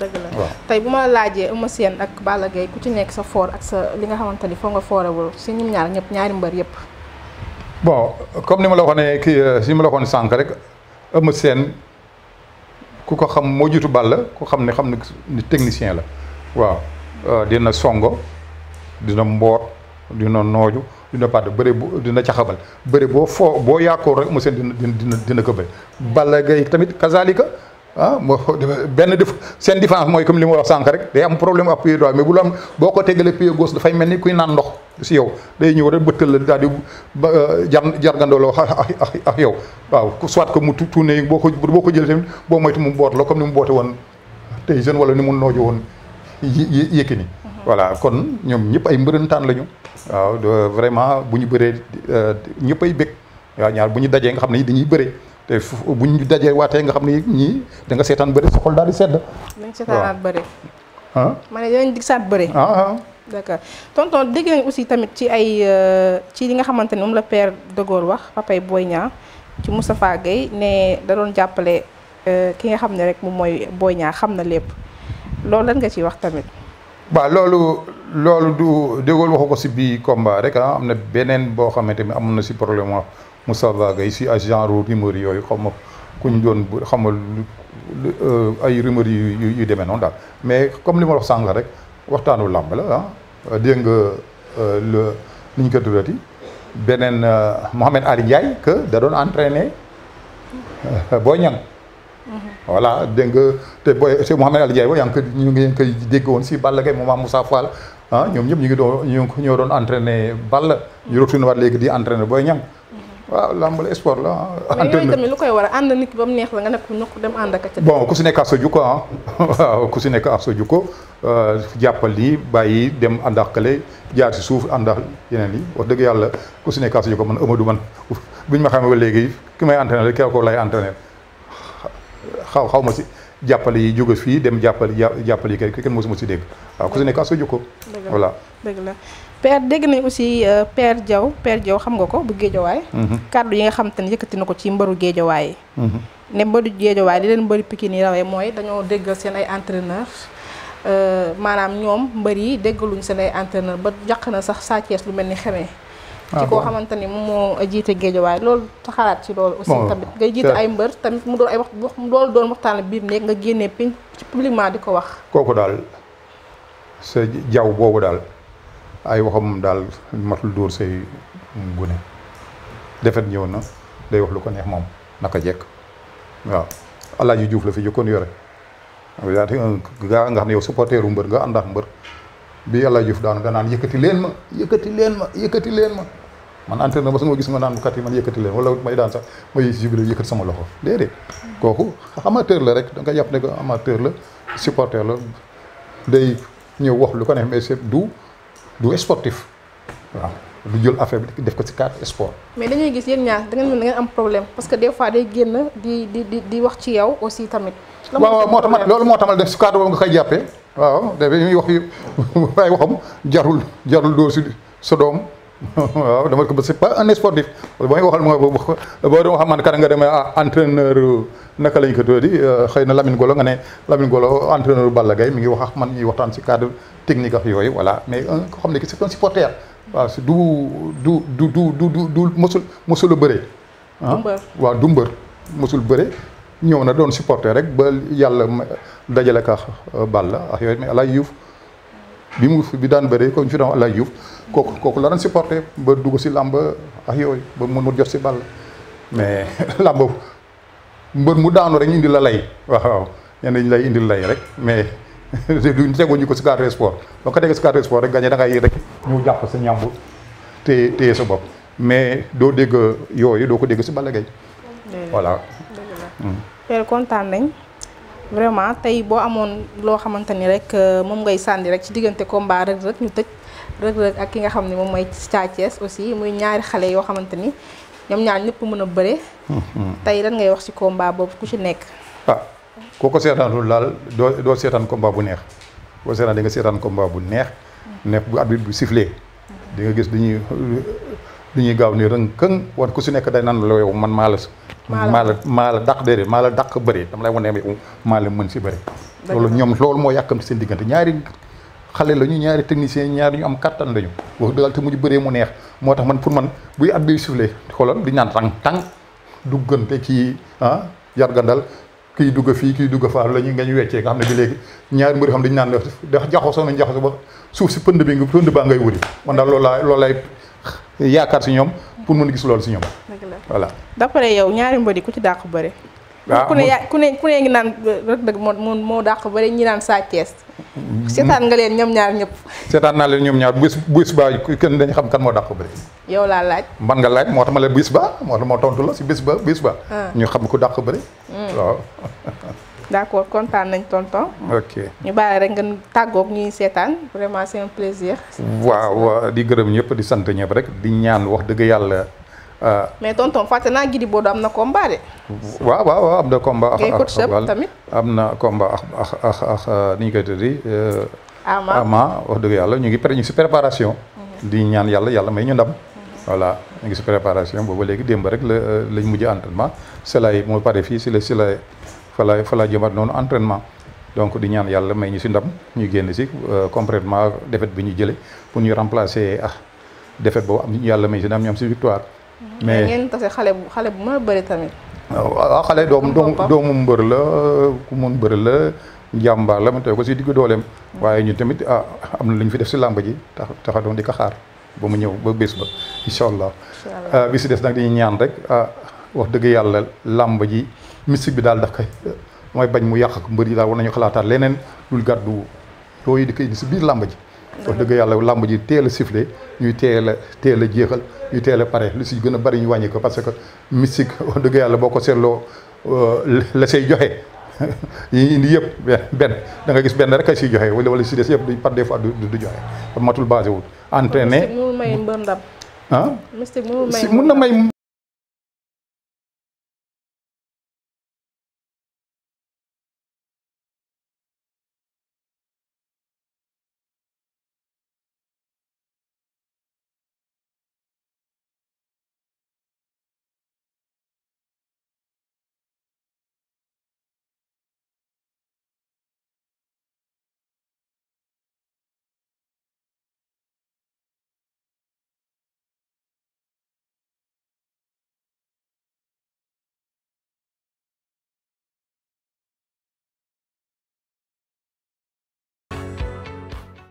dëgg la tey bu ma laajee Eumeu seen ak Balla Gaye ku ci nekk sa foor ak sa li nga xamante ni foo nga foorewul si ñum ñaar ñëpp ñaari mbër yëpp bon comme ni ma la waxoon ne kii euh, si ma la waxoon sànq rek Eumeu Sène ku ko xam moo jiitu Balla ku xam ne xam ne technicien la waaw euh, dina songo dina mboot dina nooju dina pàdd bëre bu dina caxabal bëre boo foo boo yaakoor rek Eumeu Sène dina dina dina ko bëri Balla Gaye tamit kazalika ah benn def seen différence mooy comme li ma wax sànq rek day am problème ak pied droit mais bu la am boo ko tegalee pied gauche dafay mel ni kuy naan ndox si yow day ñëw rek bëttal la daal di ba euh, jar jargandoo la ak yow waaw soit ko mu tourné boo ko boo ko jëlee tamit boo moytu mu boot la comme ni mu boote woon tey jeune wala ni mu nooju woon Yékini mhm. voilà kon ñoom ñëpp ay mbërëntaan lañu waaw vraiment bu ñu bëree euh, ñëpp ay bëgg waaw ñaar bu ñu dajee nga xam ne dañuy bëree té buñ dajé waté nga xam ñi da nga sétane bëri sa xol daal di sedd. nañ seetaanaat bëri. han ah. mané ne dig saat bëri. han ah, ah. han d'accord tonton dégg nga aussi tamit ci ay euh, ci li nga xamante mom la père de gor wax papay Boy ci Moustapha gay ne da doon jappalé euh, ki nga xamné rek moom moy Boy Niang xam lépp loolu lan nga ci wax tamit. ba loolu loolu du degol Gaulle ci bi combat rek amna benen bo xamanteni amna ci problème Moussa Gueye si ay genre rumeur yooyu xaw ma kuñ doon xamal euh, ay rumeur yu yu demee noonu daal mais comme li ma sànq rek waxtaanu làmb la ah dégg nga euh, le ni ñu ko tuddati beneen euh, Mohamed Ali Ndiaye que da doon entraîné Boy Niang. Mm-hmm. voilà dégg nga te booy monsieur Mohamed Ali Ndiaye booy yaa ñu ngi koy dégg woon si Balla Gaye moom Moussa Fall ah ñoom ñëpp ñu ngi doon ñoo doon entraîné ball ñu retourné waat léegi di entraîné booy Niang. waaw lamb la sport la ah. mais yooyu tamit lu koy war a ànd nit ba mu neex la nga nekk ñokk dem ànd ak. bon ku si nekk ak sa jukko ah waaw ku si nekk ak sa jukko euh, jàppal lii bàyyi dem ànd ak kële jaar si suuf ànd ak yeneen yi wax dëgg yàlla ku si nekk ak sa jukko man Amadou man buñ ma xamee ba léegi ki may entraîner rek kii ko lay entraîner xaw xaw ma si. jàppale yi jóge fii dem jàppale jàppale yi kenn mosuma si dégg waaw ku si nekk ak sa ko voilà dëgg la père dégg nañ aussi euh, père jaw per jaw xam nga ko bu géejawaay mm-hmm. kàddu yi nga xam te ne yëkkati na ko ci mbaru géejawaay yi mm-hmm. ne mbaru géejawaay li leen mbaru Pikine yi rawee mooy dañoo déggal seen ay entraîneur euh, maanaam ñoom mbër yi déggaluñ seen ay entraîneur ba jàq na sax Sa Thiès lu mel ni xemee ci ah, koo xamante ni moom moo jiite géejawaay loolu taxalaat ci loolu aussi ngay jiite ay mbër tamit mu doon ay wax wax loolu doon waxtaan biir néeg nga génnee piñ ci publiquement di ko wax kooku daal sa jaww boobu daal ay waxam daal matul dóor say gune defet ñëw na day wax lu ko neex moom naka jekk waaw Alaaji Juuf la fi jëkkoon yore yaa te gaa nga xam mbër bi yalla juf daan nga naan yëkëti leen ma yëkëti leen ma yëkëti leen ma man entraîneur na ba su gis nga naan kat yi man yëkëti leen wala may daan sax may jibril yëkët sama loxo déedéet koku amateur la rek da nga japp ne ko amateur la supporter la day ñëw wax lu ko neex mais c'est du du sportif waaw nah, du jël affaire bi def ko ci carte sport. mais dañuy gis yeen ñaar da ngeen mën da ngeen am problème parce que des fois day génn di di di wax ci yow aussi tamit. waaw waaw moo tax loolu moo def ci carte bo nga koy jappé waaw da bi muy wax yi waxam jarul jarul do ci sa doom waaw dama ko c'est pas un sportif bo may waxal mo boo doon wax man kan nga demee ah, entraîneur naka lañ ko todi euh, xeyna Lamine Golo nga ne Lamine Golo entraîneur Balla gay mi ngi wax ak man ñi waxtan ci cadre technique ak yoy voilà mais ko xam ki c'est un supporter waaw si du du du du du du mosul mosul beure ah waaw dumbeur mbër mosul ñëw na doon supporter rek ba yàlla dajale ka euh, la ak yooyu mais Alaaj Juuf bi mu bi daan bëree ko ñu fi doon Alaaj Juuf kooku kooku la doon supporter ba dugg si làmb ak yooyu ba mun mu jot si Balla mais làmb mbër mu daanu rek ñu indi la lay waaw ñenn ñi lay indil lay rek mais duñ ñu ko si cadre sport ba ko tegee si cadre sport rek gagné da ngay rek ñu jàpp sa ñàmbu te téye sa bopp mais doo dégg yooyu doo ko dégg si Balla Gaye père kontaan nañ vraiment tey boo amoon loo xamante ni rek euh, moom ngay sànni rek ci diggante combat Reug Reug ñu tëj Reug Reug ak ki nga xam ne moom mooy Sa aussi muy ñaari xale yoo xamante ni ñoom ñaar ñëpp mën a bëre. Mhm. tey lan ngay wax ci combat boobu ku ci nekk. ah ku ko seetaanul laal doo doo seetaan combat bu neex boo seetaan di nga seetaan combat bu neex. Mhm. neex bu arbitre bu sifflé. Mhm. di gis dañuy lu ñuy gaaw nii rëng këng war ku si nekk day naan la yow man maa la maa la maa la dàq déedéet maa la dàq bëri dama lay la mën si bëri loolu ñoom loolu moo yàkkamti seen diggante ñaari xale la ñu ñaari technicien ñaari ñu am kattan lañu wax dëggal te mujj bëree mu neex moo tax man pour man buy at bi soufflé xoolal di ñaan tàng tàng duggante kii ah yargandal kii dugg fii kii dugg faa la ñu nga ñu weccee nga xam ne bi léegi ñaari mbir xam dañu naan dax jaxasoo nañ jaxasoo ba suuf si pënd bi nga pënd baa ngay wuri man daal loolu yaakaar si ñoom pour mën gis loolu si ñoom. voilà d'après yow ñaari mbër yi ku ci dàq bëre. waaw ah, ku ne yaa ku ne ku ne ngi naan euh, Reug Reug moo moo dàq bëre ñi naan Sa Thiès. Mm-hmm. seetaan nga leen ñoom ñaar ñëpp. seetaan naa leen ñoom ñaar bu bu subaa kenn dañu xam kan moo dàq bëre. yow laa laaj. man nga laaj moo tax ma la bu subaa moo tax moo tontu la si bu subaa bu subaa. Ah. ñu xam ku dàq bëre. Mm. waaw. D'accord, content nañ tonton. OK. Ñu baye rek ngeen taggo ak ñuy sétane, vraiment c'est un plaisir. Waaw, di gërëm ñëpp di sant ñëpp rek di ñaan wax dëgg Yalla. euh ah. Mais tonton faté na gidi do amna combat dé. Waaw waaw waaw amna combat ak ak amna combat ak ak ak ni ngi koy tuddi euh ama ama wax dëgg Yalla ñu ngi pré ñu ci préparation mhm. di ñaan Yalla Yalla may ñu ndam. Mhm. Voilà, ñu ngi ci préparation bo ba légui demb rek eh, lañ mujjé entraînement. Cela est mo paré fi c'est le cela est fala fala fa non entraînement donc di ñaan yalla may ñu ci ndam ñu genn ci euh, complètement défaite bi ñu jëlé pour ñu remplacer ah défaite bo am yalla may ci ndam ñu ci victoire. Mm-hmm. mais ngeen tassé xalé xalé bu ma a bëri tamit. wa xalé dom dom doomu mbër la ku mun mbër la jamba la ma tey ko ci digg dolem mm-hmm. waye ñu tamit ah amna na fi def ci lamb ji tax taxa doon di ka xaar bu mu ñew ba bés ba inshallah allah. Ah, bi ci def nak di ñaan rek ah wax deug yalla lamb ji misik bi dal daf kay moy bañ mu yak ak mbër yi daal war nañu leneen lul gardu roo yi di ci biir lamb ji wax deug yalla lamb ji teel a sifflé ñuy teel a teel jeexal ñuy teel a pare lu ci gëna bari ñu wañi ko parce que misik wax dëgg yàlla boo ko euh, la sey joxe yi indi yëpp ben da nga gis ben rek ci siy joxe wala wala ci dess yëpp par des fois du joxe kon matul basé entraîner mu may wul entraîné ah mystique mu na may